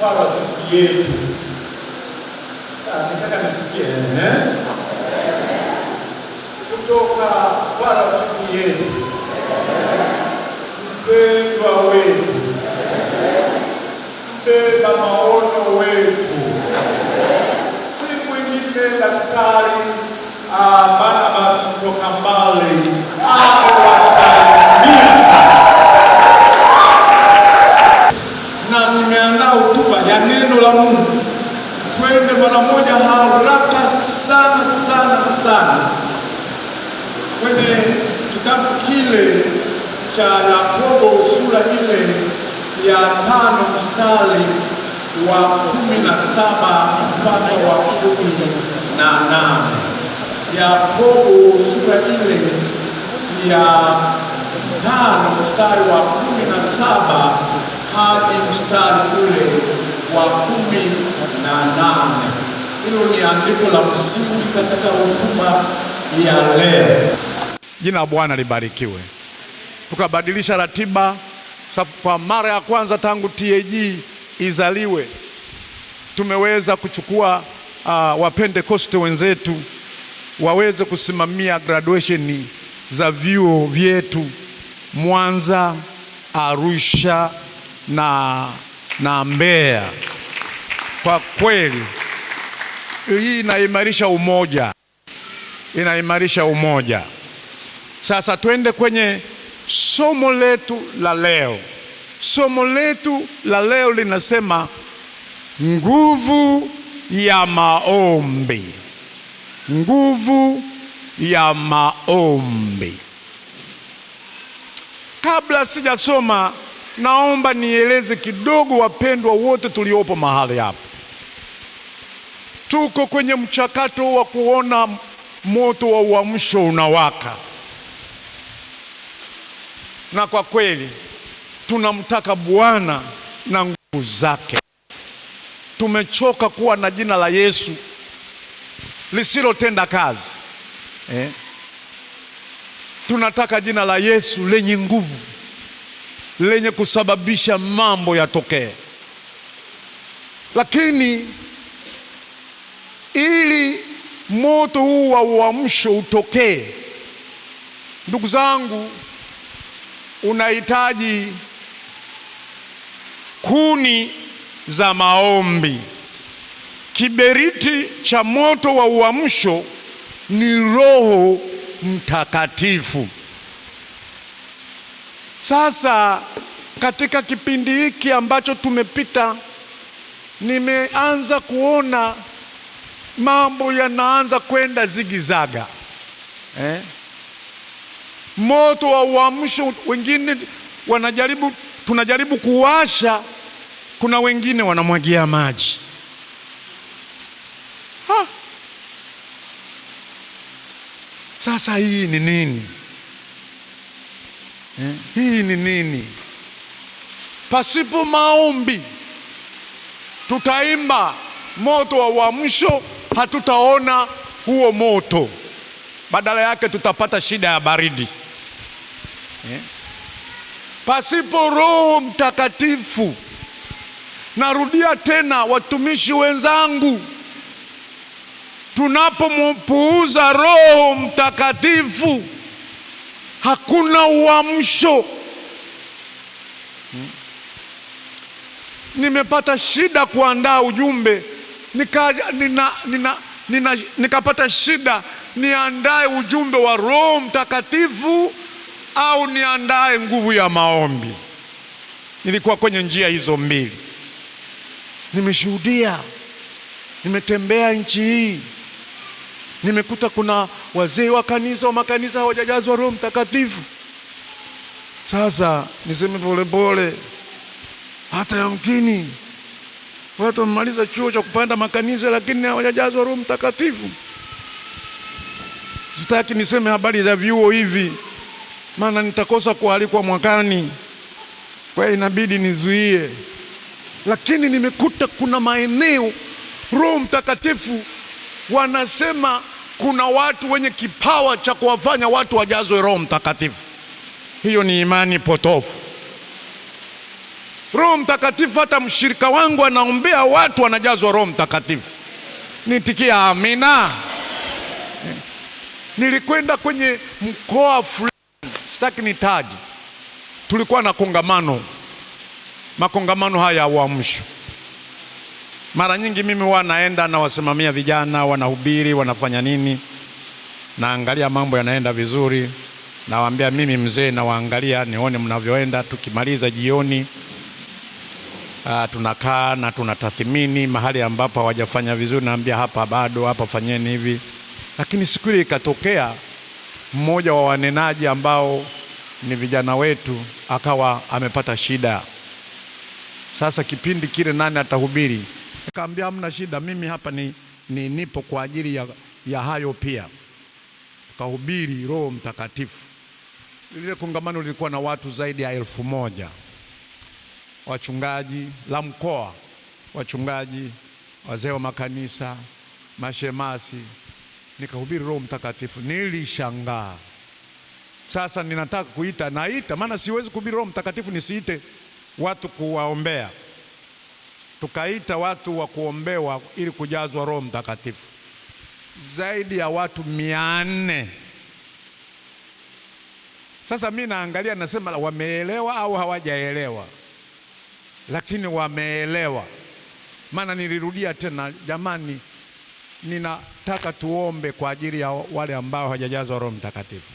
wala dhiki yetu. Ah, nataka nisikie eh? kutoka wala dhiki yetu, mpendwa wetu, mbeba maono wetu, si mwingine Daktari ah, Barnabas kutoka mbali cha Yakobo sura ile ya tano mstari wa kumi na saba mpaka wa kumi na nane Yakobo sura ile ya tano mstari wa kumi na saba hadi mstari ule wa kumi na nane Hilo ni andiko la msingi katika hotuba ya leo. Jina la Bwana libarikiwe tukabadilisha ratiba kwa mara ya kwanza tangu TAG izaliwe. Tumeweza kuchukua uh, ah, wapentekoste wenzetu waweze kusimamia graduation za vyuo vyetu Mwanza, Arusha na, na Mbeya. Kwa kweli hii inaimarisha umoja, inaimarisha umoja. Sasa twende kwenye Somo letu la leo, somo letu la leo linasema nguvu ya maombi, nguvu ya maombi. Kabla sijasoma, naomba nieleze kidogo, wapendwa wote tuliopo mahali hapa, tuko kwenye mchakato wa kuona moto wa uamsho unawaka na kwa kweli tunamtaka Bwana na nguvu zake. Tumechoka kuwa na jina la Yesu lisilotenda kazi eh? Tunataka jina la Yesu lenye nguvu, lenye kusababisha mambo yatokee. Lakini ili moto huu wa uamsho utokee, ndugu zangu unahitaji kuni za maombi. Kiberiti cha moto wa uamsho ni Roho Mtakatifu. Sasa katika kipindi hiki ambacho tumepita, nimeanza kuona mambo yanaanza kwenda zigizaga eh? moto wa uamsho. Wengine wanajaribu, tunajaribu kuwasha, kuna wengine wanamwagia maji ha. Sasa hii ni nini eh? Hii ni nini? Pasipo maombi tutaimba moto wa uamsho, hatutaona huo moto, badala yake tutapata shida ya baridi. Eh? Pasipo Roho Mtakatifu, narudia tena, watumishi wenzangu, tunapompuuza Roho Mtakatifu hakuna uamsho. Hmm? Nimepata shida kuandaa ujumbe nika, nina, nina, nina, nikapata shida niandae ujumbe wa Roho Mtakatifu au niandae nguvu ya maombi. Nilikuwa kwenye njia hizo mbili, nimeshuhudia, nimetembea nchi hii, nimekuta kuna wazee wa kanisa wa makanisa hawajajazwa Roho Mtakatifu. Sasa niseme polepole, hata yamkini watu wamemaliza chuo cha kupanda makanisa, lakini hawajajazwa Roho Mtakatifu. Sitaki niseme habari za vyuo hivi maana nitakosa kualikwa mwakani, kwa hiyo inabidi nizuie. Lakini nimekuta kuna maeneo Roho Mtakatifu wanasema kuna watu wenye kipawa cha kuwafanya watu wajazwe Roho Mtakatifu. Hiyo ni imani potofu. Roho Mtakatifu, hata mshirika wangu anaombea watu wanajazwa Roho Mtakatifu. Nitikia amina. Eh, nilikwenda kwenye mkoa fulani sitaki nitaje, tulikuwa na kongamano. Makongamano haya uamsho, mara nyingi mimi huwa naenda nawasimamia vijana, wanahubiri, wanafanya nini, naangalia mambo yanaenda vizuri, nawaambia mimi mzee, nawaangalia nione mnavyoenda. Tukimaliza jioni Uh, tunakaa na tunatathmini mahali ambapo hawajafanya vizuri, naambia hapa bado, hapa fanyeni hivi. Lakini siku ile ikatokea mmoja wa wanenaji ambao ni vijana wetu akawa amepata shida. Sasa kipindi kile nani atahubiri? Nikamwambia hamna shida, mimi hapa ni, ni nipo kwa ajili ya, ya hayo pia. Tukahubiri Roho Mtakatifu. Lile kongamano lilikuwa na watu zaidi ya elfu moja wachungaji la mkoa, wachungaji, wazee wa makanisa, mashemasi nikahubiri Roho Mtakatifu, nilishangaa. Sasa ninataka kuita, naita, maana siwezi kuhubiri Roho Mtakatifu nisiite watu kuwaombea. Tukaita watu wa kuombewa ili kujazwa Roho Mtakatifu, zaidi ya watu mia nne. Sasa mi naangalia nasema, wameelewa au hawajaelewa? Lakini wameelewa, maana nilirudia tena, jamani ninataka tuombe kwa ajili ya wale ambao hawajajazwa Roho Mtakatifu.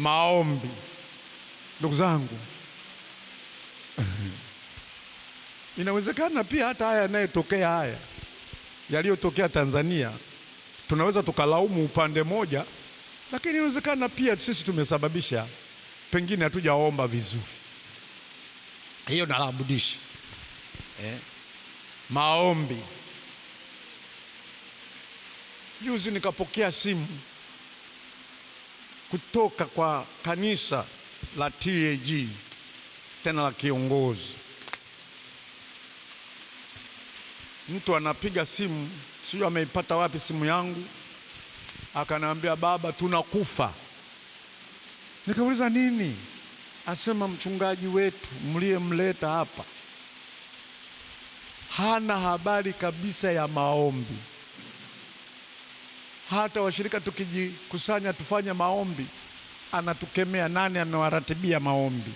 maombi. Ndugu zangu, inawezekana pia hata haya yanayotokea haya yaliyotokea Tanzania tunaweza tukalaumu upande moja, lakini inawezekana pia sisi tumesababisha, pengine hatujaomba vizuri. Hiyo nalaabudisha eh, maombi. Juzi nikapokea simu kutoka kwa kanisa la TAG tena la kiongozi. Mtu anapiga simu, sijui ameipata wapi simu yangu, akanaambia baba, tunakufa. Nikauliza nini? Asema mchungaji wetu mliyemleta hapa hana habari kabisa ya maombi hata washirika tukijikusanya tufanye maombi, anatukemea nani amewaratibia maombi.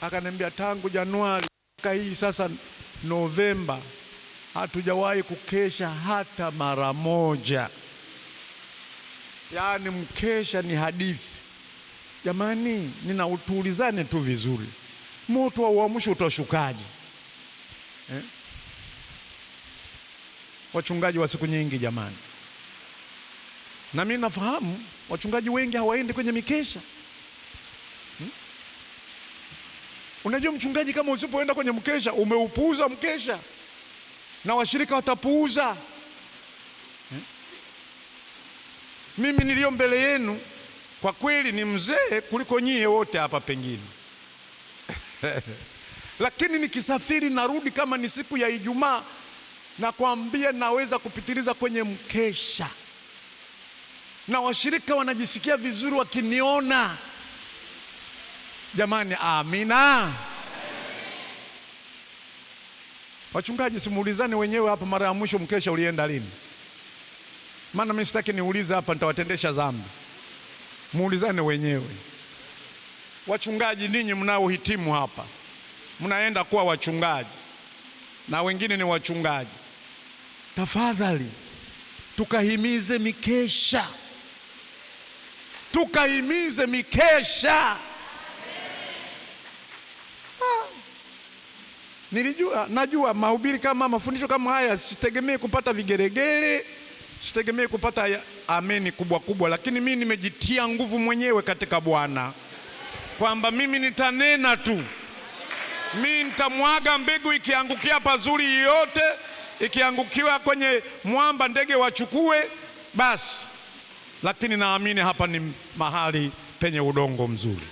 Akaniambia tangu Januari mpaka hii sasa Novemba hatujawahi kukesha hata mara moja, yaani mkesha ni hadithi. Jamani, ninautulizane tu vizuri, moto wa uamsho utashukaje eh? Wachungaji wa siku nyingi jamani na mimi nafahamu wachungaji wengi hawaendi kwenye mikesha hmm? Unajua mchungaji, kama usipoenda kwenye mkesha umeupuuza mkesha, na washirika watapuuza hmm? Mimi niliyo mbele yenu kwa kweli ni mzee kuliko nyie wote hapa pengine lakini nikisafiri narudi, kama ni siku ya Ijumaa, nakwambia naweza kupitiliza kwenye mkesha na washirika wanajisikia vizuri wakiniona. Jamani, amina. Wachungaji, simuulizane wenyewe hapa, mara ya mwisho mkesha ulienda lini? Maana mimi sitaki niulize hapa, nitawatendesha dhambi. Muulizane wenyewe. Wachungaji ninyi mnaohitimu hapa, mnaenda kuwa wachungaji na wengine ni wachungaji, tafadhali tukahimize mikesha tukahimize mikesha. Ah. Nilijua, najua mahubiri kama mafundisho kama haya sitegemee kupata vigeregere, sitegemee kupata ameni kubwa kubwa, lakini mimi nimejitia nguvu mwenyewe katika Bwana kwamba mimi nitanena tu, mimi nitamwaga mbegu, ikiangukia pazuri yote, ikiangukiwa kwenye mwamba ndege wachukue, basi lakini naamini hapa ni mahali penye udongo mzuri.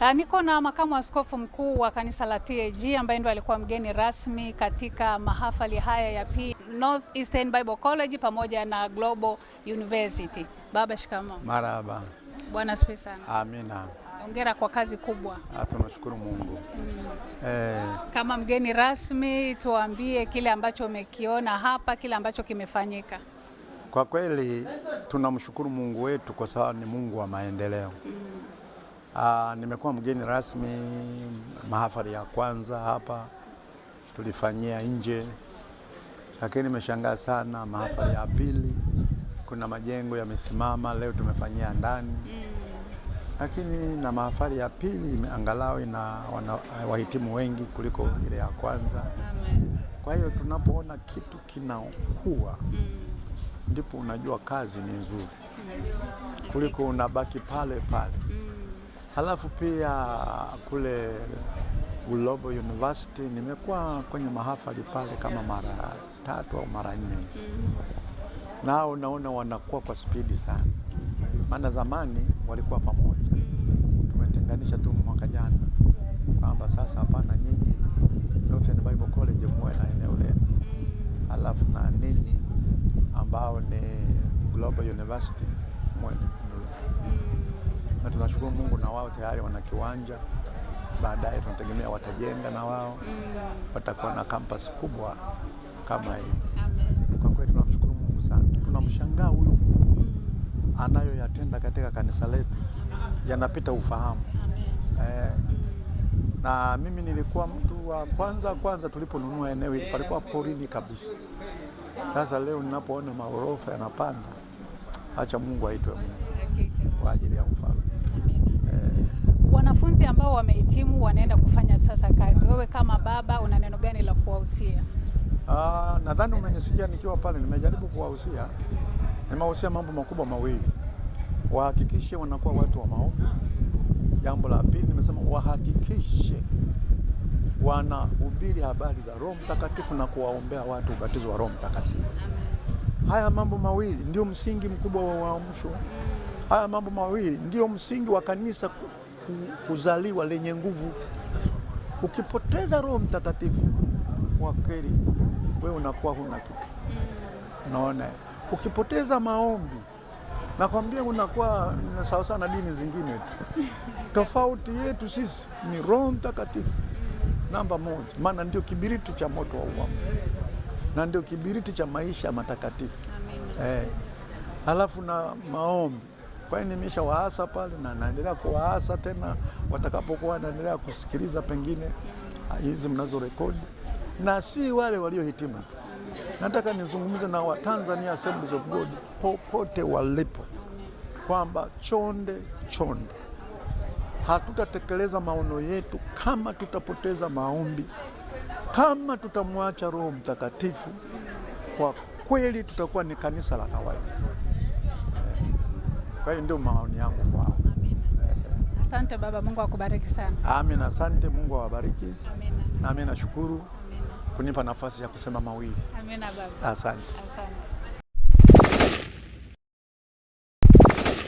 Ah, niko na makamu askofu mkuu wa kanisa la TAG ambaye ndio alikuwa mgeni rasmi katika mahafali haya ya P North Eastern Bible College pamoja na Global University. Baba, shikamo. Marhaba. Bwana asifiwe sana. Amina. Hongera kwa kazi kubwa. Ah, tunashukuru Mungu. Mm. Eh. Kama mgeni rasmi tuambie kile ambacho umekiona hapa, kile ambacho kimefanyika. Kwa kweli tunamshukuru Mungu wetu kwa sababu ni Mungu wa maendeleo. Mm. Aa, ah, nimekuwa mgeni rasmi mahafali ya kwanza hapa tulifanyia nje, lakini nimeshangaa sana mahafali ya pili, kuna majengo yamesimama, leo tumefanyia ndani, mm. lakini na mahafali ya pili angalau ina wahitimu wengi kuliko ile ya kwanza. Kwa hiyo tunapoona kitu kinakuwa mm ndipo unajua kazi ni nzuri kuliko unabaki pale pale. Mm. Halafu pia kule Ulobo University nimekuwa kwenye mahafali pale kama mara tatu au mara nne, mm. nao unaona wanakuwa kwa spidi sana, maana zamani walikuwa pamoja. Mm. Tumetenganisha tu mwaka jana kwamba sasa hapana, nyinyi Northern Bible College muwe na eneo lenu, halafu na ninyi ambao ni Global University Mwenye. na tunashukuru Mungu na wao tayari wana kiwanja. Baadaye tunategemea watajenga na wao watakuwa na kampasi kubwa kama hii. Kwa kweli tunamshukuru Mungu sana, tunamshangaa huyu anayoyatenda katika kanisa letu yanapita ufahamu. Eh, na mimi nilikuwa mtu wa kwanza kwanza tuliponunua eneo hili, palikuwa porini kabisa. Sasa leo ninapoona maghorofa yanapanda, acha Mungu aitwe Mungu kwa ajili ya ufalme. Eh, wanafunzi ambao wamehitimu wanaenda kufanya sasa kazi, wewe kama baba una neno gani la kuwahusia? Ah, nadhani umenisikia nikiwa pale, nimejaribu kuwahusia, nimewahusia mambo makubwa mawili, wahakikishe wanakuwa watu wa maombi. Jambo la pili nimesema wahakikishe wanahubiri habari za Roho Mtakatifu na kuwaombea watu ubatizo wa Roho Mtakatifu. Haya mambo mawili ndio msingi mkubwa wa uamsho. Haya mambo mawili ndio msingi wa kanisa kuzaliwa lenye nguvu. Ukipoteza Roho Mtakatifu kwa kweli, wewe unakuwa huna kitu. Mm. Unaona, ukipoteza maombi nakwambia unakuwa sawa sawa dini zingine tu. Tofauti yetu sisi ni Roho Mtakatifu. Mm namba moja, maana ndio kibiriti cha moto wa uamsho na ndio kibiriti cha maisha matakatifu eh. alafu na maombi kwa hiyo nimesha waasa pale na naendelea kuwaasa tena, watakapokuwa naendelea kusikiliza pengine ah, hizi mnazo rekodi, na si wale waliohitimu tu, nataka nizungumze na Watanzania Assemblies of God popote walipo kwamba chonde chonde hatutatekeleza maono yetu kama tutapoteza maombi, kama tutamwacha Roho Mtakatifu, kwa kweli tutakuwa ni kanisa la kawaida. Eh, kwa hiyo ndio maoni yangu kwa Asante baba, Mungu akubariki sana. Amina, asante, Mungu awabariki. amina Nami nashukuru kunipa nafasi ya kusema mawili. Amina baba. Asante. Asante.